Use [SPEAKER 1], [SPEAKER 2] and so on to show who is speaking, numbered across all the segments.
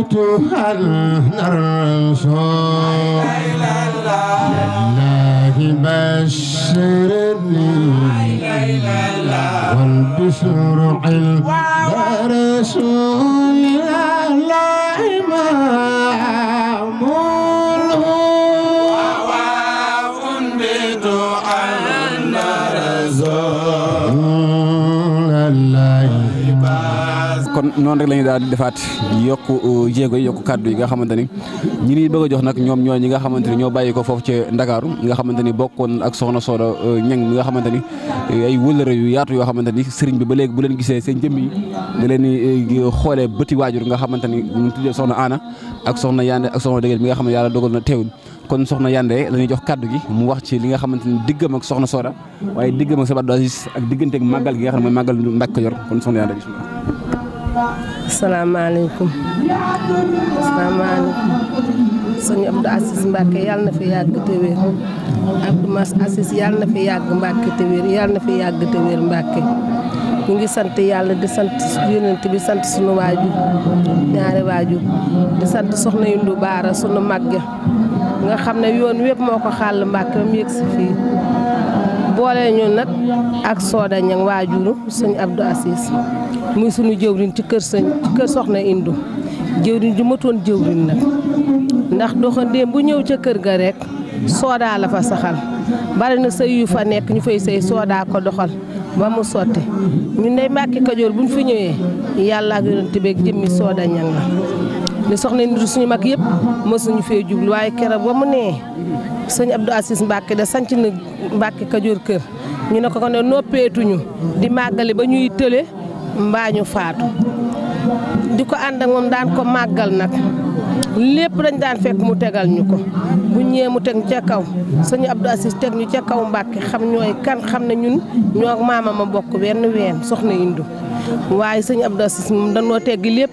[SPEAKER 1] أتيتها النرس لله بشرني والبشر عند رسول
[SPEAKER 2] noonu rek la ñuy daal di defaat yokk euh, jéego yi yokk kàddu yi nga xamante ni ñi ñuy bëgg a jox nag ñoom ñoo ñi nga xamante ni ñoo bàyyi ko foofu ci Ndakaaru nga xamante ni bokkoon ak soxna Soda euh, mi nga xamante ni euh, ay wëllëre yu yaatu yoo xamante ni sëriñ bi ba léegi bu leen gisee seen jëmm yi da leen di xoolee bëti waajur nga xamante ni ñu tuddee soxna Aana ak soxna Yande ak soxna Dégel nga xam ne yàlla dogal na teewul kon soxna Yande la ñuy jox kàddu gi mu wax ci li nga xamante ni diggam ak soxna Soda waaye diggam ak Sëriñ Abdou Aziz ak digganteeg màggal gi nga xam ne mooy màggal Mbàkke Kajoor kon soxna Yande bismillah
[SPEAKER 3] asalaamaaleykum asalaamaaleykum sëñ Abdou Aziz Mbacke yàlla na fi yàgg te wér Abdou Mas Aziz yàlla na fi yàgg Mbacke te yàlla na fi yàgg te wér Mbacke ngi sant yàlla di sant yonent bi sant sunu waajur ñaari waajur di sant soxna Yundu Baara sunu mag ja nga xam ne yoon wépp moo ko xàll Mbacke ba mu yegg si fii boole ñun nag ak Sooda Ñang waajuru sëñ Abdou Assis muy sunu jëwriñ ci kër sëñ ci kër soxna Indu jëwriñ ju matoon jëwriñ nag ndax doxandéem bu ñëw ca kër ga rek soodaa la fa saxal bari na sëy yu fa nekk ñu fay sëy soodaa ko doxal ba mu sotti ñun day Mbàkke Kajoor ñu fi ñëwee yàlla ak yonent beeg jëmmi Sooda Ñang la ni soxna Indu suñu mag yëpp mësuñu fee jublu waaye keroog ba mu nee sëñ Abdou Aziz Mbacke da sanc na Mbacke Kajoor kër ñu ne ko ko ne noppeetuñu di màggale ba ñuy tële mbaa ñu faatu di ko ànd ak moom daan ko màggal nag lépp dañ daan fekk mu tegal ñu ko bu ñëwee mu teg ca kaw sëñ Abdou Aziz teg ñu ca kaw Mbacke xam ñooy kan xam ne ñun ñoo ak maama ma bokk benn ween soxna Indu waaye sëñ Abdou Aziz moom danoo teggi lépp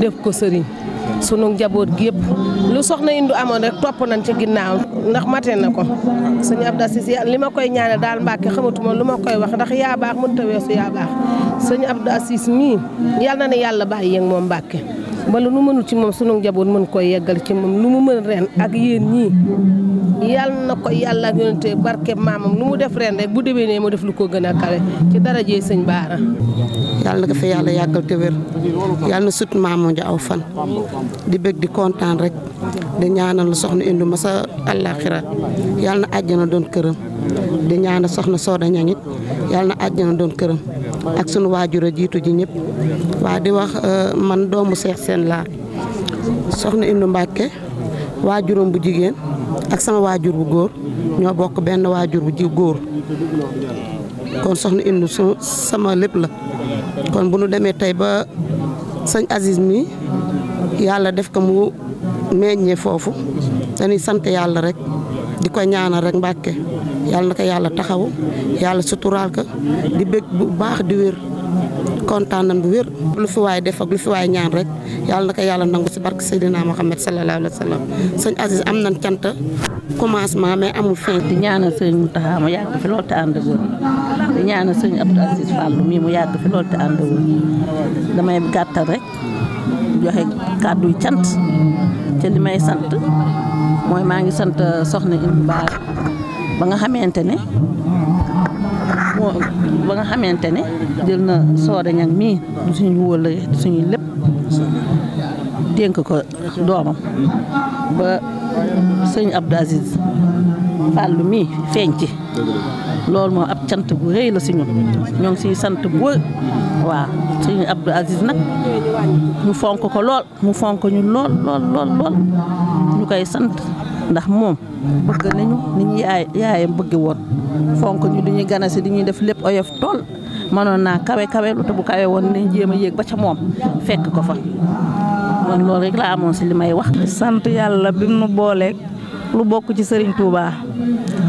[SPEAKER 3] def ko sëriñ sunu njaboot gi yëpp lu soxna Indu amoon rek topp nañ ci ginnaaw ndax mate na ko suñu ab Aziz li ma koy ñaanal daal Mbàkke xamatuma lu ma koy wax ndax yaa baax mënut a weesu yaa baax sëñ Abdou Aziz mii yal na ne yàlla bàyyi yéen moom Mbàkke ba lu nu mënul ci moom sunu njaboot mën koy yeggal ci moom lu mu mën reen ak yéen ñii yàlla na ko yàlla ak yonente barke maamam lu mu def reen rek bu déwénee mu def lu ko gën a kawe ci darajee sëñ Baara.
[SPEAKER 4] yàlla na ko fi yàlla yàggal te wér yàlla na sut maamam ja aw fan di bëgg di kontaan rek di ñaanal soxna Indu ma sa àllaaxira yàlla na àjjana doon këram di ñaanal soxna Sooda ñaŋit yàlla na àjjana doon këram. ak sunu waajur a jiitu ji ñëpp waa di wax euh, man doomu Cheikh seen laa soxna Ibnu Mbàkke waajuram bu jigéen ak sama waajur bu góor ñoo bokk benn waajur bu ji góor kon soxna Ibnu su sama lépp la kon bu nu demee tey ba sëñ Aziz mi yàlla def ko mu meññee foofu dañuy sant yàlla rekk di ko ñaanal rek Mbàkke yàlla na yàlla taxaw yàlla suturaal ko di bëgg bu baax di wér kontaan nañ bu wér lu fi waay def ak lu fi waay ñaan rek yàlla na yàlla nangu si barke Seydina Mohamed sallallahu alayhi wa sallam sëñ am nañ cant commencement mais amul
[SPEAKER 3] fin. di ñaanal sëñ Mountakha mu yàgg fi loolu te ànd woon di ñaanal sëñ Abdou Aziz Fall mii mu yàgg fi loolu te ànd woon damay gàttal rek joxe kàddu cant te li may sant mooy maa ngi sant soxna Ibou Ba. ba nga xamante ne ba nga xamante ne jël na soore ñag mii suñu wóol suñu lépp dénk ko doomam ba sëñ Abdou Aziz Fallou mii feeñ ci loolu moom ab cant bu rëy la si ñun sant bu wër waaw suñu Abdou Aziz nag ñu fonk ko lool mu fonk ñu lool lool lool ñu koy sant ndax moom bëgg nañu ni ñuy yaay yaayam bëgg woon fonk ñu di ñuy ganasi di ñuy def lépp oyof tool mënoon naa
[SPEAKER 5] kawe kawe lu te bu kawe woon nañ jéem a yéeg ba ca moom fekk ko fa man loolu rek laa amoon si li may wax. sant yàlla bi mu booleeg lu bokk ci Serigne Touba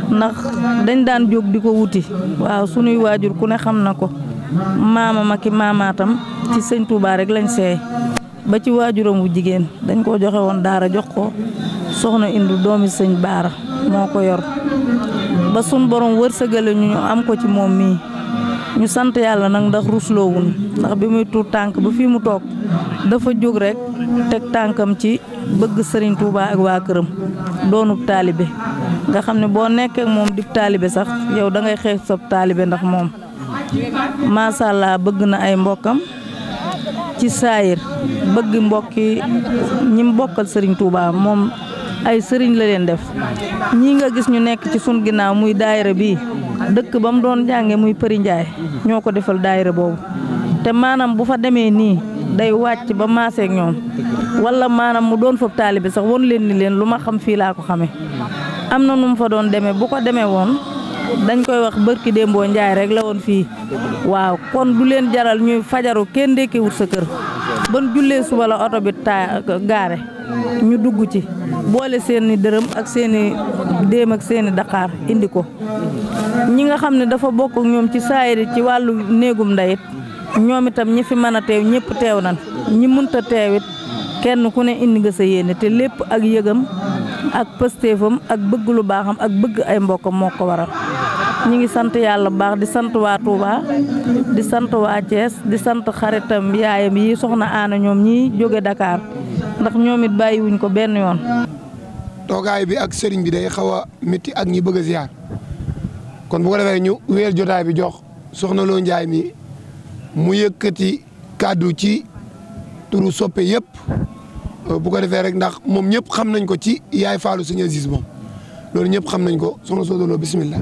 [SPEAKER 5] ndax dañ daan jóg di ko wuti waaw sunuy waajur ku ne xam na ko maama ma ki maamaatam ci sëñ Touba rek lañ seey ba ci waajuram wu jigéen dañ ko joxe woon daara jox ko. soxna indi doomi sëñ Baara moo ko yor ba sun borom wërsëgale ñu ñu am ko ci moom mii ñu sant yàlla nag ndax rusloowuñu ndax bi muy tuur tànk ba fii mu toog dafa jóg rek teg tànkam ci bëgg sëriñ Touba ak waa këram doonub taalibe nga xam ne boo nekkee moom di dib taalibe sax yow da ngay xeex sab taalibe ndax moom macha bëgg na ay mbokkam ci saayir bëgg mbokki ñi mu sëriñ Touba moom ay sëriñ la leen def ñii nga gis ñu nekk ci sun ginnaaw muy daayira bii dëkk ba mu doon jànge muy Përi Njaay ñoo ko defal daayira boobu te maanaam bu fa demee nii day wàcc ba maaseek ñoom wala maanaam mu doon fab taalibe sax won leen leen lu ma xam fii laa ko xame am na nu mu fa doon demee bu ko demee woon dañ koy wax bërki démboo njaay rek la woon fii waaw kon du leen jaral ñuy fajaru kenn ndékkiwut sa kër ban jullee suba la oto bi taa gaare ñu dugg ci boole seeni dërëm ak seeni déem ak seeni daqaar indi ko ñi nga xam ne dafa bokk ñoom ci saayiri ci wàllu néegum ndeyit ñoom itam ñi fi mën a teew ñëpp teew nan ñi munta teewit kenn ku ne indi nga sa yéene te lépp ak yëgam ak pëstéefam ak bëgg lu baaxam ak bëgg ay mbokkam moo ko waral ñi ngi sant yàlla bu baax di sant waa Touba di sant waa Thiès di sant xaritam yaayam yi soxna Aana ñoom ñi jóge Dakar ndax ñoomit bàyyiwuñ ko benn yoon.
[SPEAKER 1] toogaay bi ak sëriñ bi day xaw a métti ak ñi bëgg a ziar kon bu ko defee ñu wéer jotaay bi jox soxna Lo Ndiaye mi mu yëkkati kàddu ci turu soppe yëpp. Euh, bu ko defee rek ndax moom ñëpp xam nañ ko ci yaay faalu suñu gis moom loolu ñëpp xam nañ ko soxna Sodolo bisimilah.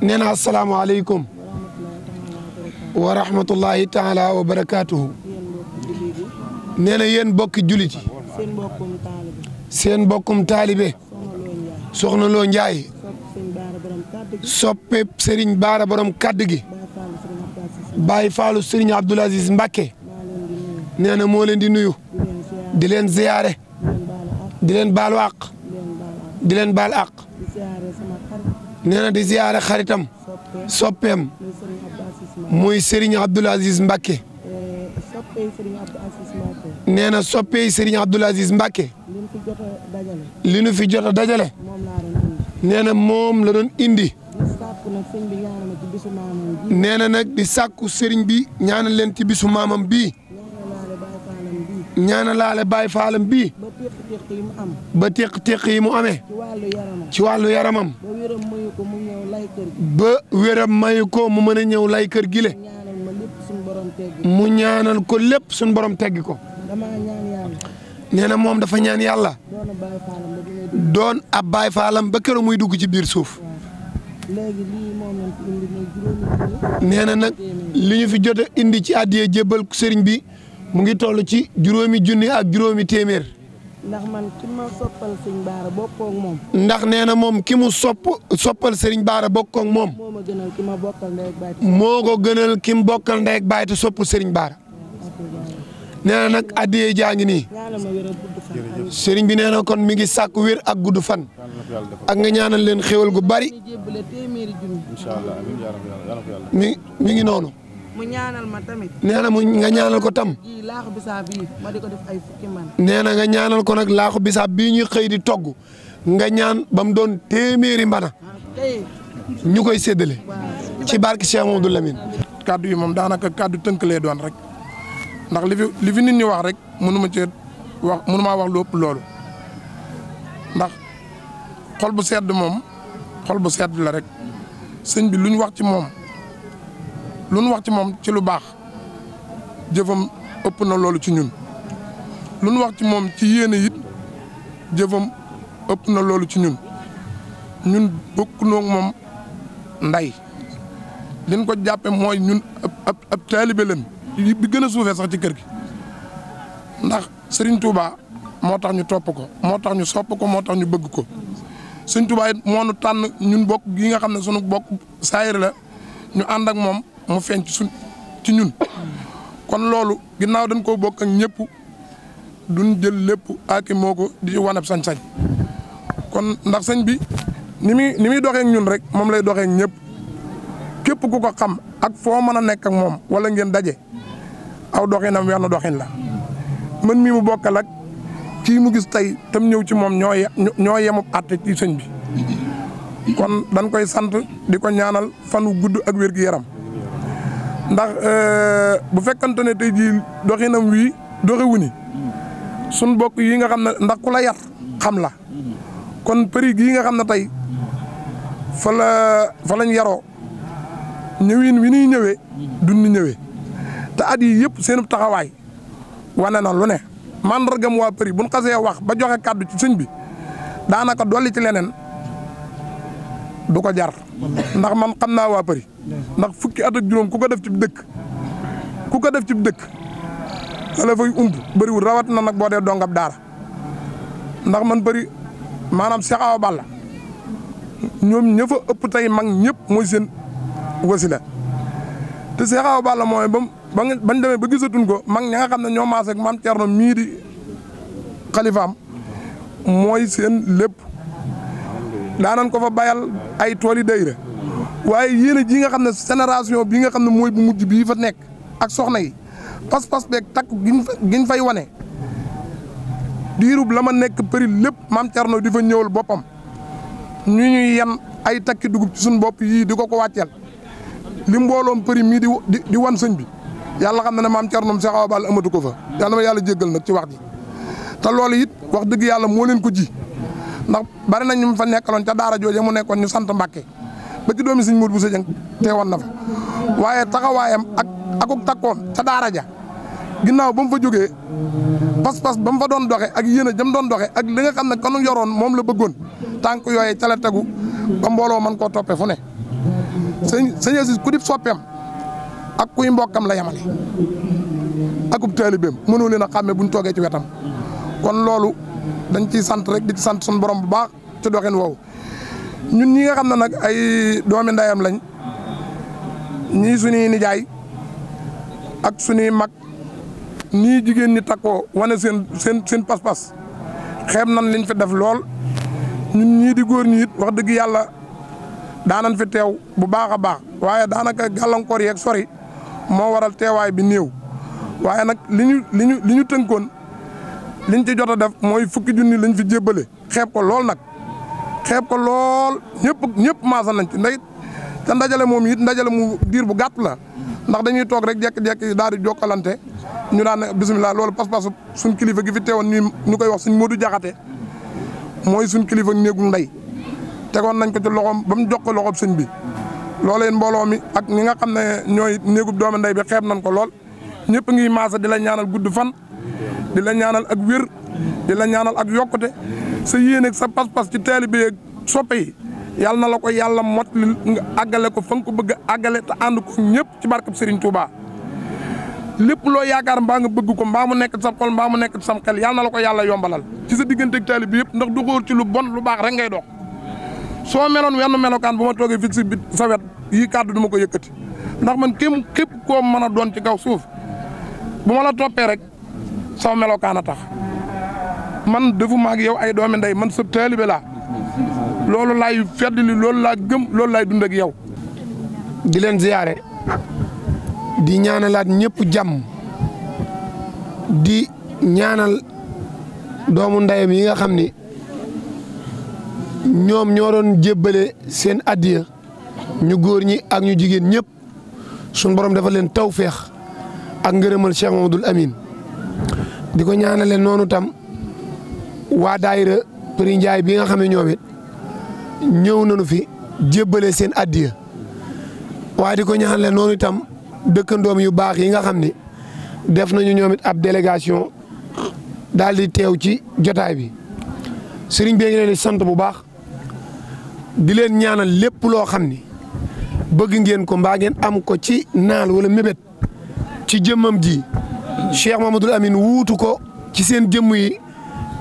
[SPEAKER 1] nee na asalaamaaleykum. wa rahmatullahi taala wa barakaatuhu. nee na yéen bokki julit yi. seen bokkum taalibe. soxna Lo Ndiaye. soppe Serigne Baara borom kaddu gi. Baye Fallou Serigne Abdoul Aziz nee na moo leen di nuyu di leen ziyaare di leen baalu àq di leen baal àq nee na di ziyaare xaritam soppeem muy Serigne Abdoul Aziz Mbacké nee na soppeey Serigne Abdoul Aziz Mbacké li nu fi jot a dajale nee na moom la doon indi nee na nag di sàkku sëriñ bi ñaanal leen ci bisu maamam bii ñaanalaale Baye Fallam bii. bi ba teq-teq yi mu amee. ci wàllu yaramam. ba wéram mayu ko mu mën a ñëw lay kër gi mu ñaanal ko lépp suñu borom teggi ko. moom dafa ñaan yàlla. doon ab Baye Fallam ba këram muy dugg ci biir suuf. neena nag liñu fi jot indi ci àddiya jébbal sëriñ bi. mu ngi toll ci juróomi junni ak juróomi téeméer.
[SPEAKER 3] ndax man ki ma soppal sëñ Baara bokkoo moom. ndax
[SPEAKER 1] nee na moom ki mu sopp soppal sëriñ Baara bokkoo moom.
[SPEAKER 3] moo ma gënal ki ma bokkal ndey baay.
[SPEAKER 1] ko gënal ki mu bokkal ndey ak baay te sopp sëriñ Baara. nee na nag addiye jaa ngi nii. sëriñ bi nee na kon mi ngi sàkk wir ak gudd fan. ak nga ñaanal leen xéwal gu bari. mi mi ngi noonu.
[SPEAKER 3] mu ñaanal ma nee na mu nga ñaanal ko tam. ji laaxu bisaab ma
[SPEAKER 1] nee na nga ñaanal ko nag laaxu bisaab bii ñuy xëy di togg nga ñaan
[SPEAKER 6] ba mu doon téeméeri mbana. ñu koy séddale. ci barke Cheikh Mamadou Lamine. kaddu yi moom daanaka kaddu tënk lay doon rek ndax li lifi li nit ñi wax rek mënu ma cee wax mënu maa wax lu loolu ndax xol bu sedd moom xol bu sedd la rek sëñ bi lu wax ci moom. lu nu wax ci moom ci lu baax jëfam ëpp na loolu ci ñun lu nu wax ci moom ci yéene it jëfam ëpp na loolu ci ñun ñun bokk noog moom nday liñ ko jàppe mooy ñun ab ab taalibe bi gën a suufee sax ci kër gi ndax sëriñ Touba moo tax ñu topp ko moo tax ñu sopp ko moo tax ñu bëgg ko sëriñ Touba it moo nu tànn ñun bokk gi nga xam ne sunu bokk saayir la ñu ànd moom mu feeñ ci suñ ci ñun kon loolu ginnaaw dañ koo bokk ak ñëpp duñ jël lépp aaki moo ko di wanab sañ-sañ kon ndax sëñ bi ni muy ni muy doxee ak ñun rek moom lay doxee ak ñëpp képp ku ko xam ak foo mën a nekk ak moom wala ngeen daje aw doxinam wenn doxin la man mii mu bokkal ak kii mu gis tey tam ñëw ci moom ñoo ñoo yemub àtte ci sëñ bi kon dañ koy sant di ko ñaanal fan wu gudd ak wér-gu-yaram ndax euh, bu fekkante ne tey jii doxinam wii doxewu ni suñ bokk yi nga xam ne ndax ku la yar xam la kon përi gii nga xam na tey fa la fa lañ yaroo ñëwin wi ñuy ñëwee duñ ñëwee te at yi yëpp seen taxawaay wane na lu ne mandargam waa përi buñ xasee wax ba joxe kàddu ci sëñ bi daanaka dolli ci leneen du ko jar ndax man xam naa waa përi ndax fukki at juróom ku ko def ci dëkk ku ko def ci dëkk la fay ump bëriwul rawat na nag boo dee dongab daara ndax man bari maanaam Cheikh Awa Balla ñoom ña ëpp tey mag ñëpp mooy seen wasila te Cheikh Awa Balla mooy ba ba bañ demee ba gisatuñ ko mag ña nga xam ñoo maase ak maam Thierno mii di xalifaam mooy seen lépp daanan ko fa bayal ay tooli dayra waaye yéene jii nga xam ne génération bii nga xam ne mooy bu mujj bii fa nekk ak soxna yi pas-pas beeg takk giñ giñ fay wane. diirub la ma nekk përi lépp maam Thierno di fa ñëwal boppam ñu ñu yan ay takki dugub ci suñu bopp yii di ko ko wàcceel li mbooloom përi mii di di wan sëñ bi yàlla xam na ne maam Thierno Cheikh Awa Balla amatu ko fa yàlla ma yàlla jéggal nag ci wax ji. te loolu it wax dëgg yàlla moo leen ko ji ndax bari na ñu fa nekkaloon ca daara jooje mu nekkoon ñu sant Mbàkke ba ci doomi sëñ Modou Bousso Dieng teewoon na fa waaye taxawaayam ak akuk takkoom ca daara ja ginnaaw ba mu fa jógee pas-pas ba mu fa doon doxe ak yéen a jëm doon doxe ak li nga xam ne kanu yoroon moom la bëggoon tànk yooyee ca la tegu ba mbooloo man koo toppe fu ne sëñ sëñ ku dib soppeem ak kuy mbokkam la aku akub taalibeem mënoo leen a xàmme buñ toogee ci wetam kon loolu dañ ciy sant rek di ci sant suñu borom bu baax ci doxin woowu ñun ñi nga xam na nag ay doomi ndeyam lañ ñii nijaay ak suñuy mag nii jigéen ñi takkoo wane seen seen seen pas-pas xeeb nan liñ fi def lool ñun ñii di góor ñi it wax dëgg yàlla daanan fi teew bu baax a baax waaye daanaka gàllankoor yeeg sori moo waral teewaay bi néew waaye nag li ñu li ñu tënkoon liñ ci jot a def mooy fukki junni lañ fi jébbale xeeb ko lool nag xeeb ko lool ñëpp ñëpp maasa nañ ci ndeyit te ndajale moom it ndajale mu diir bu gàtt la ndax dañuy toog rek jekki-jekki daal di jokkalante ñu daan bisimilah loolu pas-pas suñ kilifa gi fi teewoon ni ñu koy wax suñ Modou Jaxate mooy suñ kilifa néegu ndey tegoon nañ ko ci loxoom ba mu jox ko loxoom sëñ bi looleen mbooloo mi ak ñi nga xam ne ñooy néegub doomu ndey bi xeeb nañ ko lool ñëpp ngi maasa di la ñaanal gudd fan di la ñaanal ak wér di la ñaanal ak yokkute sa yéene ak sa pas-pas ci taalibe ak soppe yàlla na la ko yàlla motali nga àggale ko fa ko bëgg a àggale te ànd ko ñëpp ci barkab Serigne Touba. lépp loo yaakaar mbaa nga bëgg ko mbaa mu nekk sa xol mbaa mu nekk sam xel yàlla na la ko yàlla yombalal ci sa diggante ak taalibe yëpp ndax du xóor ci lu bon lu baax rek ngay dox soo meloon wenn melokaan bu ma toogee fii bit sa wet yii kàddu du ma ko yëkkati ndax man kéem képp koo mën a doon ci kaw suuf bu ma la toppee rek. sama melokaan a tax man defuma ak yow ay doomi ndey man sa be laa loolu laay feddali loolu laa gëm loolu laay dund ak yow. di leen siyaare
[SPEAKER 1] di ñaanalaat ñëpp jàmm di ñaanal doomu ndeyam yi nga xam ni ñoom ñoo doon jébbale seen addiya ñu góor ñi ak ñu jigéen ñëpp sunu borom dafa leen taw tawféex ak ngërëmal Cheikh dul amiin di ko ñaanale noonu tam waa daayira Përi Njaay bi nga xam ne ñoom it ñëw nañu fi jébbale seen addiya waaye di ko ñaanale noonu itam dëkkandoom yu baax yi nga xam ni def nañu ñoom it ab délégation daal di teew ci jotaay bi siriñ bi ngi leen sant bu baax di leen ñaanal lépp loo xam ni bëgg ngeen ko mbaa am ko ci naal wala mebet ci jëmmam ji Cheikh Mamadou Amine wuutu ko ci seen jëmm yi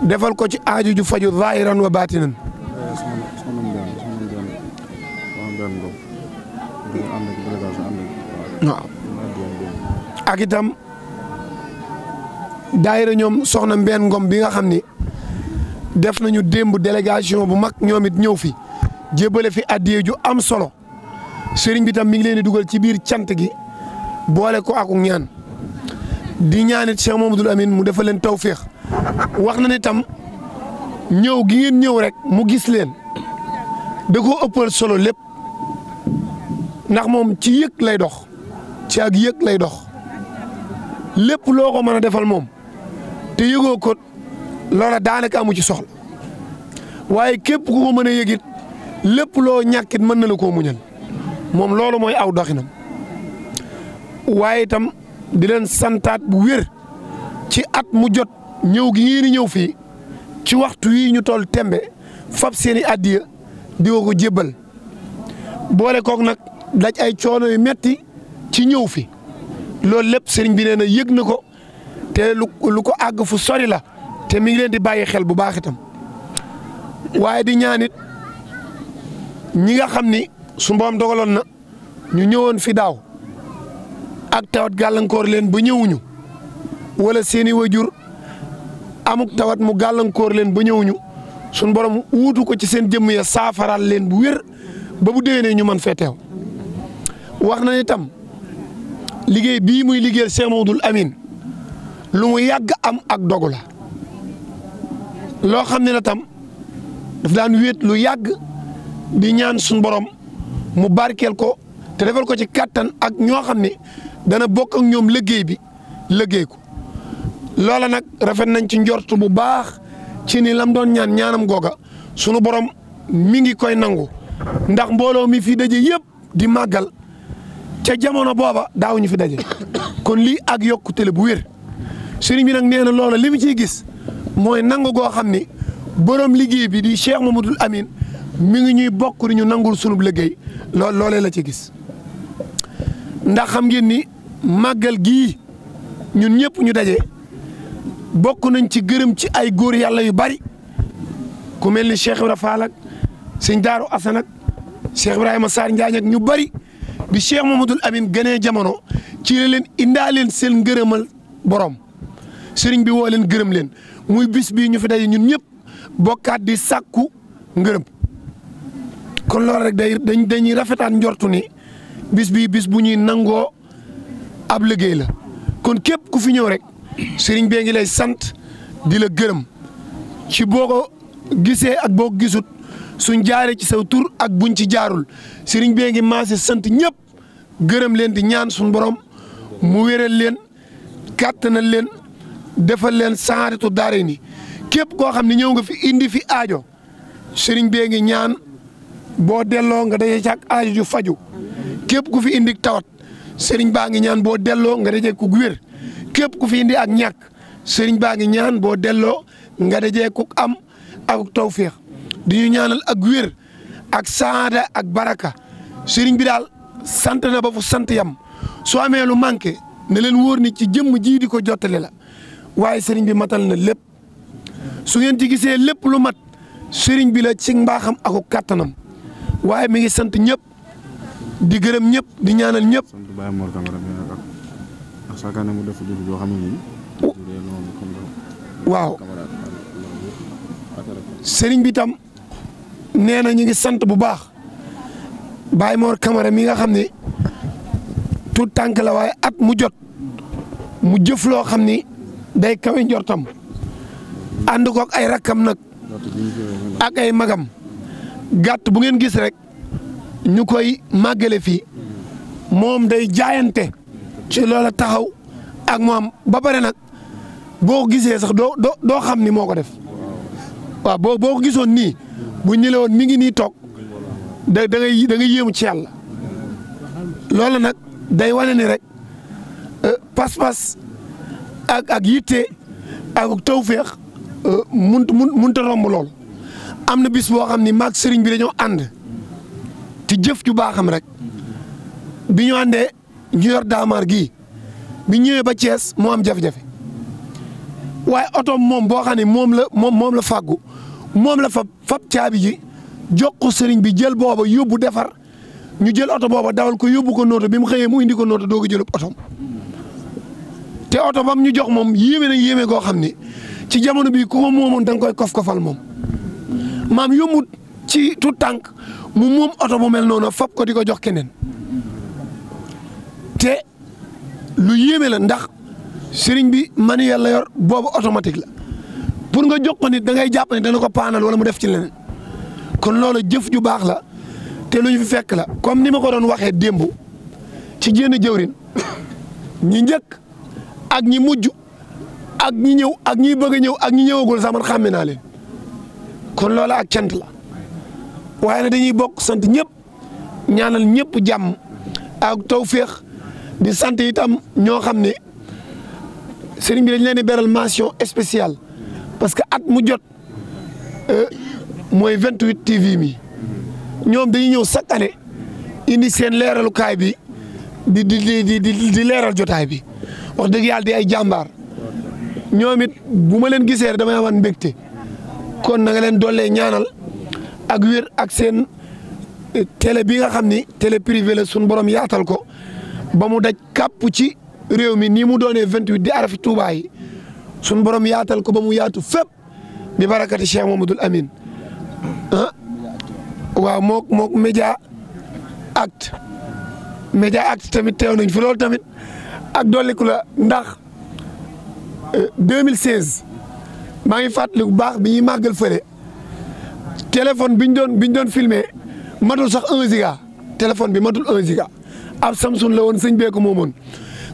[SPEAKER 1] defal ko ci aaju ju faju zaahiran wa baati nan ak itam daayira ñoom soxna Mbène Ngom bi nga xam ni def nañu démb délégation bu mag ñoom it ñëw fi jébbale fi addiye ju am solo sëriñ bi tam mi ngi leen di dugal ci biir cant gi boole ko ak ñaan. di ñaanit Cheikh Mamadou Amine mu defal leen tawféex wax na ni tam ñëw gi ngeen ñëw rek mu gis leen da koo ëppal solo lépp ndax moom ci yëg lay dox ci ak yëg lay dox lépp loo ko mën a defal moom te yëgoo ko loola daanaka amu ci soxla waaye képp ku ko mën a yëgit lépp loo ñàkkit mën na la koo muñal moom loolu mooy aw doxinam waaye itam di santaat bu wér ci at mu jot ñëw gi ngeen di ñëw fii ci waxtu yii ñu toll tembe fab seeni i addiya di ko jébbal boole kook nag daj ay coono yu metti ci ñëw fi loolu lépp sëriñ bi na yëg na ko te lu ko àgg fu sori la te mi ngi leen di bàyyi xel bu baax itam waaye di ñaanit ñi nga xam ni su mboom dogaloon na ñu ñëwoon fi daaw ak tawat gàllankoor leen ba ñëwuñu walla seeni wajur amuk tawat mu gàllankoor leen ba ñëwuñu suñ borom wuutu ko ci seen jëmm ya saafaraal leen bu wér ba bu déwénee ñu man fee teew wax na itam liggéey bii muy liggéeyal Cheikh amin Amine lu mu yàgg am ak dogu la loo xam ne na tam daf daan wéet lu yàgg di ñaan suñ borom mu barkeel ko te defal ko ci kàttan ak ñoo xam ni dana bokk ak ñoom liggéey bi liggéey ko loola nag rafet nañ ci njortu bu baax ci ni lam doon ñaan ñaanam googa sunu borom mi ngi koy nangu ndax mbooloo mi fi daje yëpp di màggal ca jamono booba daaw ñu fi daje kon lii ak yokkute la bu wér sëriñ bi nag nee na loola li mu ciy gis mooy nangu goo xam ni borom liggéey bi di Cheikh Mamadou Amine mi ngi ñuy bokk di ñu nangul sunub liggéey lool loolee la ci gis. ndax xam ngeen ni màggal gii ñun ñëpp ñu daje bokk nañ ci gërëm ci ay góor yàlla yu bari ku mel ni Cheikh Ibrahima Fall ak sëñ Daaru Asan ak Cheikh Ibrahima Sarr Njaañ ak ñu bari bi Cheikh Mamadul Amin gënee jamono ci la leen indaa leen seen ngërëmal borom sëriñ bi woo leen gërëm leen muy bis bii ñu fi daje ñun ñëpp bokkaat di sàkku ngërëm kon loolu rek day dañuy rafetaan njortu ni bis bii bis bu ñuy nangoo ab liggéey la kon képp ku fi ñëw rek sëriñ bee ngi lay sant di la gërëm ci boo ko gisee ak boo ko gisut suñ jaaree ci saw tur ak buñ ci jaarul sëriñ bee ngi maase sant ñëpp gërëm leen di ñaan suñ borom mu wéral leen kàttanal leen defal leen saaritu daare ni képp koo xam ne ñëw nga fi indi fi aajo sëriñ bee ngi ñaan boo delloo nga daje càkk aajo ju faju képp ku fi indi tawat sëriñ baa ngi ñaan boo delloo nga dajee ku wér képp ku fi indi ak ñàkk sëriñ baa ngi ñaan boo delloo nga dajee ku am ak tawféex di ñu ñaanal ak wér ak saada ak baraka sëriñ bi daal sant na ba fu sant yam soo amee lu manqué ne leen wóor ni ci jëmm jii di ko jottale la waaye sëriñ bi matal na lépp su ngeen ci gisee lépp lu mat sëriñ bi la ci mbaaxam ak kattanam waaye mi ngi sant ñëpp di gërëm ñëpp di ñaanal ñëpp.
[SPEAKER 2] waaw sëriñ bi tam
[SPEAKER 1] nee na ñu ngi sant bu baax Baye Mor Camara mi nga xam ne tuut tànk la waaye at mu jot mu jëf loo xam ni day kawe njortam ànd kook ay rakkam nag ak ay magam gàtt bu ngeen gis rek ñu koy màggale fii moom day jaayante ci loola taxaw ak moom ba pare nag boo gisee sax doo doo xam ni moo ko def waaw boo boo gisoon nii bu ñu la woon mi ngi nii toog da da ngay da ngay ci yàlla loolu nag day wane ni rek euh, pas-pas ak ak yitte ak tawféex euh, mun mun munta romb lool am na bis boo xam ni maag sëriñ bi dañoo ànd. jëf ju baaxam rek bi ñu àndee ñu yor daamaar gi bi ñëwee ba Thiès moo am jafe-jafe waaye oto moom boo xam ne moom la moom moom la fàggu moom la fab fab caabi ji jox ko sëriñ bi jël booba yóbbu defar ñu jël oto booba dawal ko yóbbu ko nooto bi mu xëyee mu indi ko nooto doo ko jëlub oto te oto bam ñu jox moom yéeme na yéeme goo xam ni ci jamono bii ku ma moomoon da koy kof-kofal moom maam yombut ci tu tànk mu moom oto bu mel noonu fab ko di ko jox keneen te lu yéeme la ndax sëriñ bi manuel la yor boobu automatique la pour nga jox ko nit da ngay jàpp ne dana ko paanal wala mu def ci leneen kon loolu jëf ju baax la te lu ñu fi fekk la comme ni ma ko doon waxee démb ci jénn jëwrin ñi njëkk ak ñi mujj ak ñi ñëw ak ñi bëgg ñëw ak ñi ñëwagul sax man xàmme naa leen kon loola ak cant la. waaye nag dañuy bokk sant ñëpp ñaanal ñëpp jàmm ak tawféex di sant itam ñoo xam ne sëriñ bi dañ leen ni beral mention spéciale parce que at mu jot euh, mooy 28 TV mi ñoom dañuy ñëw chaque année indi seen leeralukaay bi di di di di leeral jotaay bi wax dëgg yàlla di ay jàmbaar ñoom it bu ma leen gisee damay amoon mbégte kon na nga leen dollee ñaanal. ak wér ak seen eh, télé bi nga xam ni télé privé la suñu borom yaatal ko ba mu daj kapp ci réew mi nii mu doonee vingt-huit di arafi Touba yi suñu borom yaatal ko ba mu yaatu fépp bi barakati ma Mamadou Amin ah waaw mook mook média acte média acte tamit teew nañ fi loolu tamit ak dolliku la ndax 2016 eh, maa ngi fàttali bu baax bi ñuy màggal fële téléphone bi ñu doon bi doon filmé matul sax 1 giga téléphone bi matul 1 giga ab Samsung la woon sëñ bee ko moomoon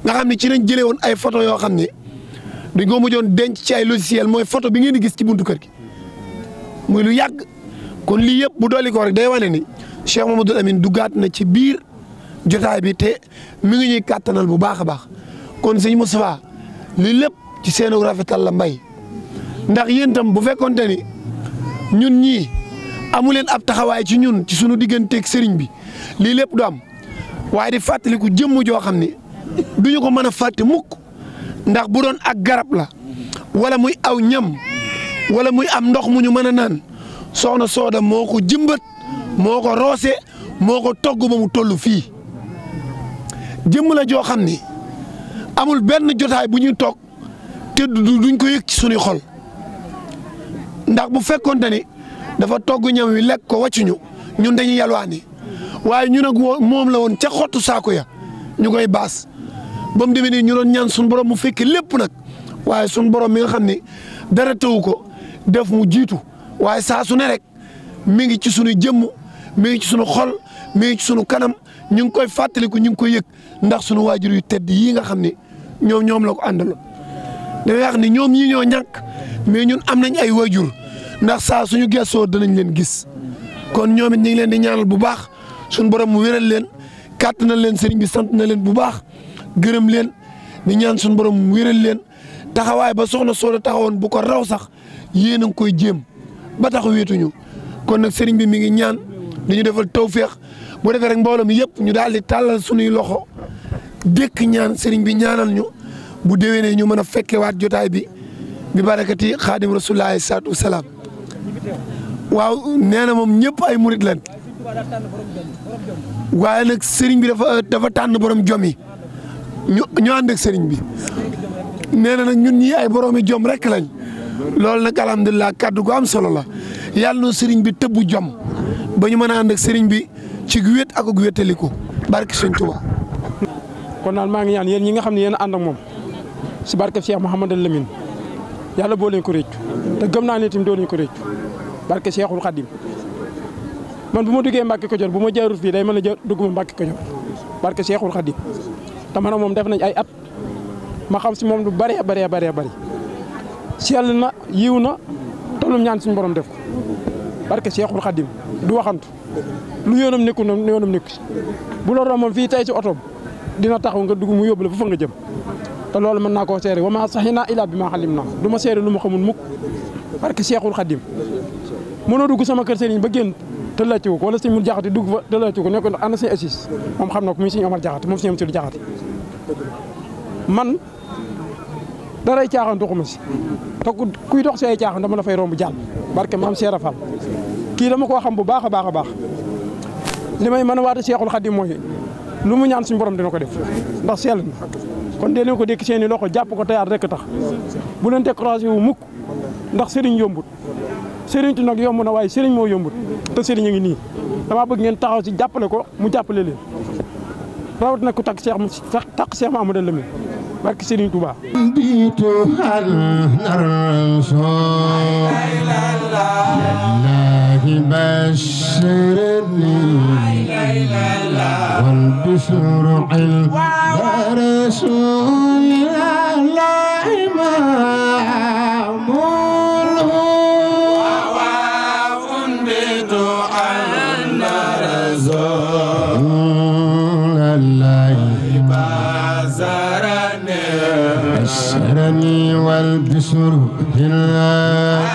[SPEAKER 1] nga xam ne ci lañ jëlee woon ay foto yoo xam ne dañ ko mujjoon denc ci ay logiciel mooy photo bi ngeen di gis ci buntu kër gi muy lu yàgg kon lii yëpp bu dolli ko rek day wane ni Cheikh Mamadou Amine duggaat na ci biir jotaay bi te mi ngi ñuy kàttanal bu baax a baax kon sëñ Moustapha lii lépp ci seenu rafetal la mbay ndax yéen tam bu fekkonte ni ñun ñii. amu leen ab taxawaay ci ñun ci sunu digganteeg sëriñ bi lii lépp du am waaye di fàttaliku jëmm joo xam ne du ko mën a fàtte mukk ndax bu doon ak garab la walla muy aw ñam wala muy am ndox mu ñu mën a naan soxna Sooda moo ko jëmbat moo ko roose moo ko togg ba mu toll fii jëmm la joo xam ni amul benn jotaay bu ñuy toog te duñ ko yëg ci suñuy xol ndax bu fekkonte ni dafa togg ñam wi lekk ko wàccuñu ñun dañuy yalwaani waaye ñu nag moom la woon ca xottu saako ya ñu koy baas ba mu demee nii ñu doon ñaan suñu borom mu fekk lépp nag waaye suñu borom mi nga xam ni dara tëwu ko def mu jiitu waaye saa su ne rek mi ngi ci sunu jëmm mi ngi ci sunu xol mi ngi ci sunu kanam ñu ngi koy fàttaliku ñu ngi koy yëg ndax sunu waajur yu tedd yii nga xam ni ñoom ñoom la ko àndaloon. dafay wax ni ñoom ñi ñoo ñàkk mais ñun am nañ ay waajur. ndax saa suñu gëstoo danañ leen gis kon ñoom it ñu leen di ñaanal bu baax suñu borom mu wéral leen kàttanal leen sëriñ bi sant na leen bu baax gërëm leen di ñaan suñu borom mu wéral leen taxawaay ba soxna Soda taxawoon bu ko raw sax yéen a ngi koy jéem ba tax wéetuñu kon nag sëriñ bi mi ngi ñaan dañu defal tawféex bu defee rek mbooloo mi yëpp ñu daal di tàllal suñuy loxo dékk ñaan sëriñ bi ñaanal ñu bu déwénee ñu mën a waat jotaay bi bi barakati xaadim rasulullaahi salaatu wasalaam waaw nee na moom ñëpp ay murit lañ waaye nag sëriñ bi dafa dafa tànn borom jom yi ñu ñu sëriñ bi nee na nag ñun ñii ay boromi jom rek lañ loolu nag alhamdulilah kàddu gu am solo la yàlla na sëriñ bi tëbbu jom ba ñu mën a ànd sëriñ bi ci wét ak ak wétaliku barke sëñ Tuubaa.
[SPEAKER 2] kon daal maa ngi ñaan yéen ñi nga xam ne yéen ànd ak moom si bark barke Cheikh Mouhamadou Lamine. yàlla boo leen ko réccu te gëm naa ne itam doo leen ko réccu barke Cheikhul Khadim man bu ma duggee Mbacke Kajoor bu ma jaarut fii day mën a ja dugg ma Mbacke Kajoor barke Cheikhul Khadim te man moom def nañ ay at ma xam si moom lu bëree bëree bëree bëri sell na yiw na tolum ñaan suñu borom def ko barke Cheikhul Khadim du waxantu lu yoonam nekku noonu yoonam nekku si bu la romboon fii tey si otoom dina taxaw nga dugg mu yóbbu la fa fa nga jëm. te loolu mën naa koo seere wa ma saxina ila bi ma xalim na du ma seere lu ma xamul mukk barke Seexul Xadim mënoo dugg sama kër sëriñ ba génn te laajte ko wala sëñ mu jaxati dugg fa te laajte ko nekk na ana sëñ assis moom xam na ko muy sëñ Omar jaxati moom sëñ am si lu jaxati man daray caaxaan doxuma si te kuy dox si ay caaxaan dama la fay romb jàll barke maam Seera Fall kii dama koo xam bu baax a baax a baax li may mën a waate Seexul Xadim mooy lu mu ñaan suñu borom dina ko def ndax seel kon dee leen ko dékk seen i loxo jàpp ko tayaat rek tax bu leen découragé wu mukk ndax sëriñ yombut sëriñtu nag yomb na waaye sëriñ moo yombut te sëriñ a ngi nii damaa bëgg ngeen taxaw si jàppale ko mu jàppale leen rawat na ko takk seex mu takk seex mu amadou Lamine barke sëriñ Touba bitu hal narso بشرني والبشر علم رسول الله ماموله
[SPEAKER 3] وواف
[SPEAKER 2] بدعاء
[SPEAKER 1] رسول الله بشرني والبشر
[SPEAKER 2] بالله